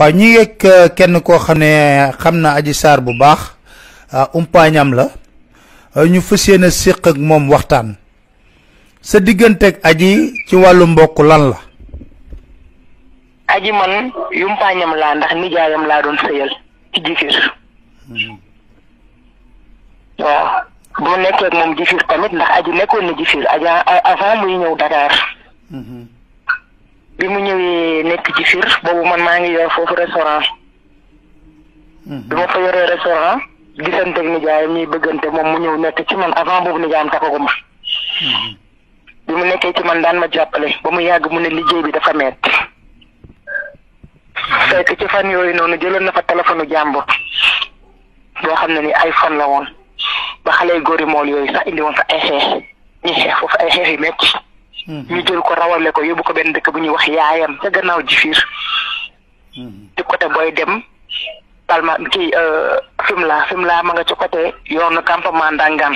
waa ñi ngeeg euh, kenn koo xam ne xam na Adji saar bu baax euh, umpaañam la euh, ñu fas yéene séq ak moom waxtaan sa digganteeg aji ci wàllu mbokk lan la Adji man yumpaañam laa ndax nijaayam laa doon sëyal ci jifir hmm. waaw boo nekkee ak moom jifir tamit ndax Adji nekkoon na jifir avant muy ñëw Dakar hmm, hmm. bi mu ñëwee nekk ci fir boobu man maa ngi yor foofu restaurant. Mhm. bi ma fa yoree restaurant gisanteeg nijaay mii bëggante moom mu ñëw nekk ci man avant boobu nijaayam taxaguma. Mhm. bi mu nekkee ci man daan ma jàppale ba mu yàgg mu ne liggéey bi dafa metti mhm. fekk ci fan yooyu noonu jëloon na fa téléphone jàmbur boo xam ne ni iPhone la woon ba xale yu góor yi mool yooyu sax indi woon fa ay xeex foofu ay xeex yu metti ñu jël ko rawale ko yóbbu ko benn dëkk bu ñuy wax yaayam ca gannaaw jifiir ci côté booy dem ki palma kii euh, Fimela laa ma nga ci côté yoonu campement Ndangam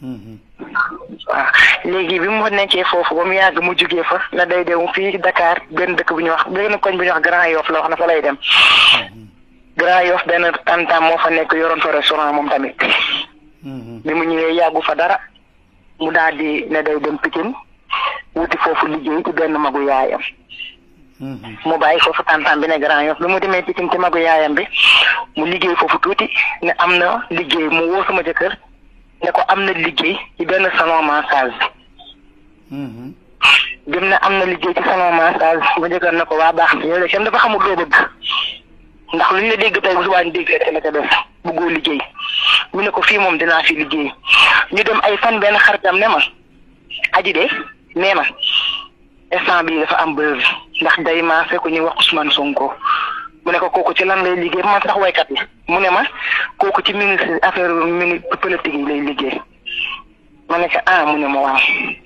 waaw léegi bi mu nekkee foofu ba mu yàgg mu jugee fa na day dem fii dakaar benn dëkk bu ñuy wax benn koñ bu ñuy wax Grand Yoff la wax na fa lay dem Grand Yoff benn tantam moo fa nekk yoroon fa restaurant moom tamit mm-hmm. bi mu ñëwee yàggu fa dara mu daal di day dem Pikine wuti foofu liggéey ci benn magu yaayam. Mhm. mu foofu tantam bi ne grand yof bi mu demee Pikine ci magu yaayam bi mu liggéey foofu tuuti ne am na liggéey mu woo sama jëkkër ne ko am na liggéey ci benn salon massage dem mhm. na am na liggéey ci salon massage ma jëkkër ne ko waa baax na yow de kenn dafa xamul loo bëgg ndax lu ñu la dégg tey bu subaa ñu liggéey mu ne ko fii moom dinaa fi liggéey ñu dem ay fan benn xaritam ne ma aji de. nee na instant bii dafa am buzz ndax day maase ku ñuy wax Ousmane Sonko mu ne ko kooku ci lan lay liggéey man sax waykat la mu ne ma kooku ci ministre affaire ministre politique yi lay liggéey ma ne ko ah mu ne ma waaw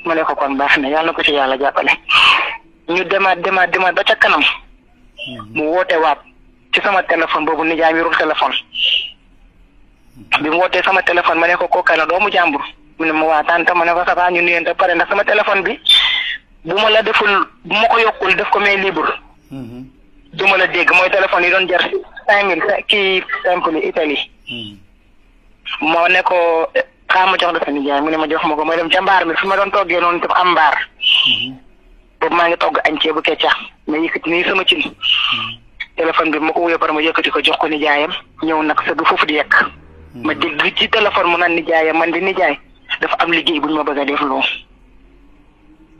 ma ne ko kon baax na yàlla ko ci yàlla jàppale ñu demaat demaat demaat ba ca kanam mu woote waat ci sama téléphone boobu nijaay mi téléphone bi mu wootee sama téléphone ma ne ko kooka la doomu jàmbur mu ne ma waa tante ma ne ko ça va ñu nuyante pare ndax sama téléphone bi bu ma la deful bu ma ko yokkul def ko may libre. Mhm. du ma la dégg mooy téléphone yi doon jar kii simple Italie. moo mhm. ne ko xaa ma ma jox ma ko ma dem ca mbaar mi fi ma doon toggee noonu tam am mbaar. Mhm. boobu maa ngi togg añ ceebu keccax ma yëkkati nii sama cin. bi ma ko wuyoo pare ma yëkkati ko jox ko nijaayam ñëw nag sa du foofu di yekk. ma dégg ci téléphone mu naan nijaayam man di nijaay. dafa am liggéey bu ñu ma bëgg def loo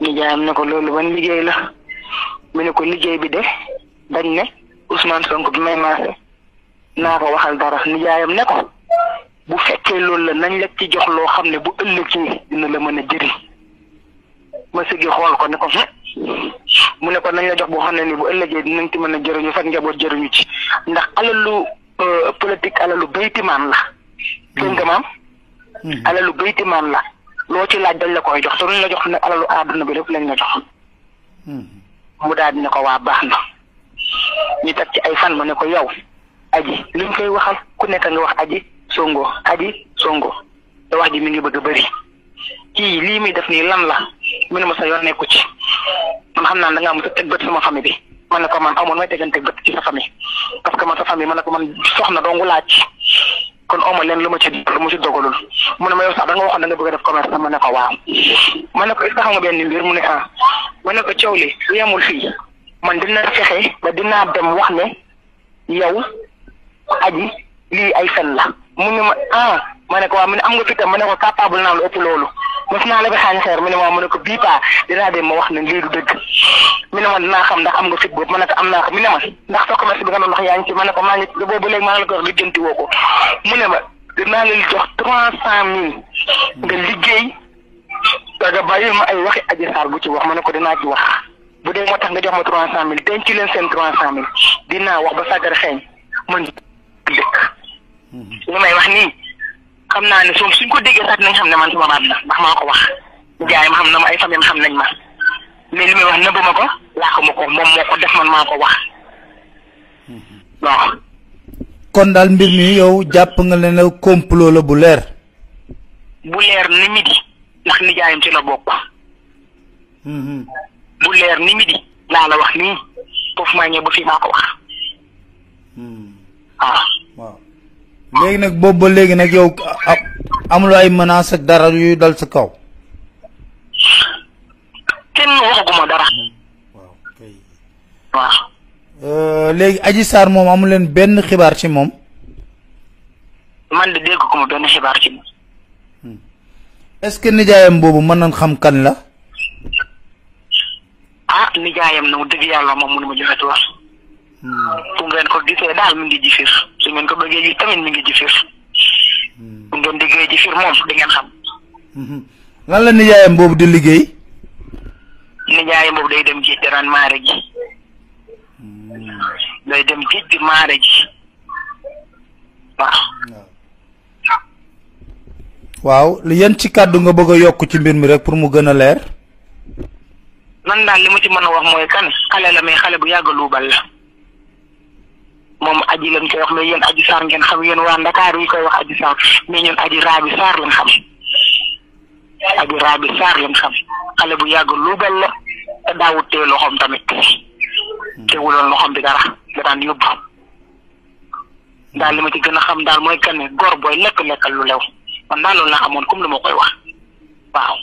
nijaayam ne ko loolu ban liggéey la mu ne ko liggéey bi de dañ ne Ousmane Sonko bi may maase naa ko waxal dara nijaayam ne ko bu fekkee loolu la nañ la ci jox loo xam ne bu ëllëgee dina la mën a jëriñ ma sigi xool ko ne ko mu ne ko nañ la jox boo xam ne ni bu ëllëgee dinañ ci mën a jëriñu sax njaboot jëriñu ci ndax alalu euh, politique alalu baytimaan la dégg nga maam Mhm. alalu bayti maam la loo ci laaj dañ la koy jox te luñ la jox nag alalu àdduna bi lépp lañ la jox. Mhm. mu daal di ne ko waa baax na ñu teg ci ay fan mu ne ko yow aji liñ koy waxal ku nekk ngi wax aji songo aji songo te wax ji mi ngi bëgg a bëri kii lii muy def nii lan la mu ne ma sa yoon nekku ci man xam naa da ngaa a teg bët sama famille bi man ne ko man amoon may tegante bët ci sa famille parce que man sa famille man ne ko man soxna dong laaj. kon oma leen lu ma ci lu ma ci dogalul mu ne ma yow sax da nga waxoon da nga bëgg a def commerce ma ne ko waaw ma ko est-ce que xam nga benn mbir mu ne ah ma ne ko coow li fii man dina fexe ba dinaa dem wax ne yow aji lii ay fen la mun ne ma ah ma ne ko ne am nga fi tam ma ne ko capable naa lu ëpp loolu mos naa la ba xaañ xeer mu ne waaw ma ne ko bii paa dinaa dem ma wax ne lii du dëgg mi ne ma dinaa xam ndax am nga fit boobu ma ne ko am na ko mi ne ma ndax sa commerce bi nga doon wax ma ne ko maa ngi boobu léegi maa ngi la ko wax lijjanti woo ko ma dinaa leen jox trois cent mille nga liggéey nga bàyyi ma ay waxi Adji Sarr bu ci wax ma ne ko dinaa ci wax bu dee moo tax nga jox ma trois cent mille denc leen seen trois cent mille dinaa wax ba sàggar xeeñ man dëkk li may wax nii xam naa ne suñ ko déggee sax nañ xam ne man sama baat la ndax maa ko wax jaay ma xam na ma ay xam nañ ma mais li may wax nëbb ma ko waxuma ko moom moo ko def man maa ko wax waaw. kon daal mbir mi yow jàpp nga ne ne complot la bu leer. bu leer ni midi ndax nijaayam ci la bokk. Mm-hmm. bu leer ni midi laa la wax nii foofu maa maa ko wax. Mm-hmm. waaw. léegi nag boobu ba léegi nag yow amuloo ay menaces ak dara yuy dal si kaw. kenn waxaguma dara. Euh, léegi aji Sarr moom amu leen benn xibaar ci moom. man de dégg ko ma benn xibaar ci moom. Hmm. est-ce que nijaayam boobu mën na xam kan la. ah nijaayam na mu dëgg yàlla moom mënu ma joxe tuur. fu hmm. ngeen ko gisee daal mu ngi ji fiir su ngeen ko bëggee ji tamit mi ngi ji fiir. bu hmm. ngeen liggéey ji fiir moom di ngeen xam. lan la nijaayam boobu di liggéey. nijaayam boobu day dem ji dérènement rek ji. day dem géej gi maare ji waaw. waaw yan ci kàddu nga bëgg a yokk ci mbir mi rek pour mu gën a leer. man daal li ma ci mën a wax mooy kan xale la mais xale bu yàgg luubal la moom aji lañ koy wax mais yéen aji saar ngeen xam yéen waa Ndakaar yi koy wax aji saar mais ñun aji raabi saar lañ xam aji raabi saar lañ xam xale bu yàgg luubal la te daawut tee loxoom tamit. teewuloon loxoom bi dara da daan yóbbu li ma ci gën a xam daal mooy kan góor booy lekk lekkal lu lew man daal loolu laa amoon comme lu ma koy wax waaw.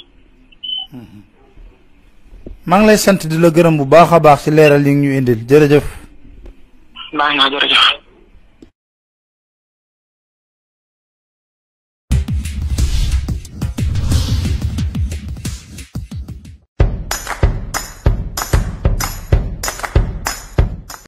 maa ngi lay sant di la gërëm bu baax a baax ci leeral yi ñu indil jërëjëf. maa ngi jërëjëf.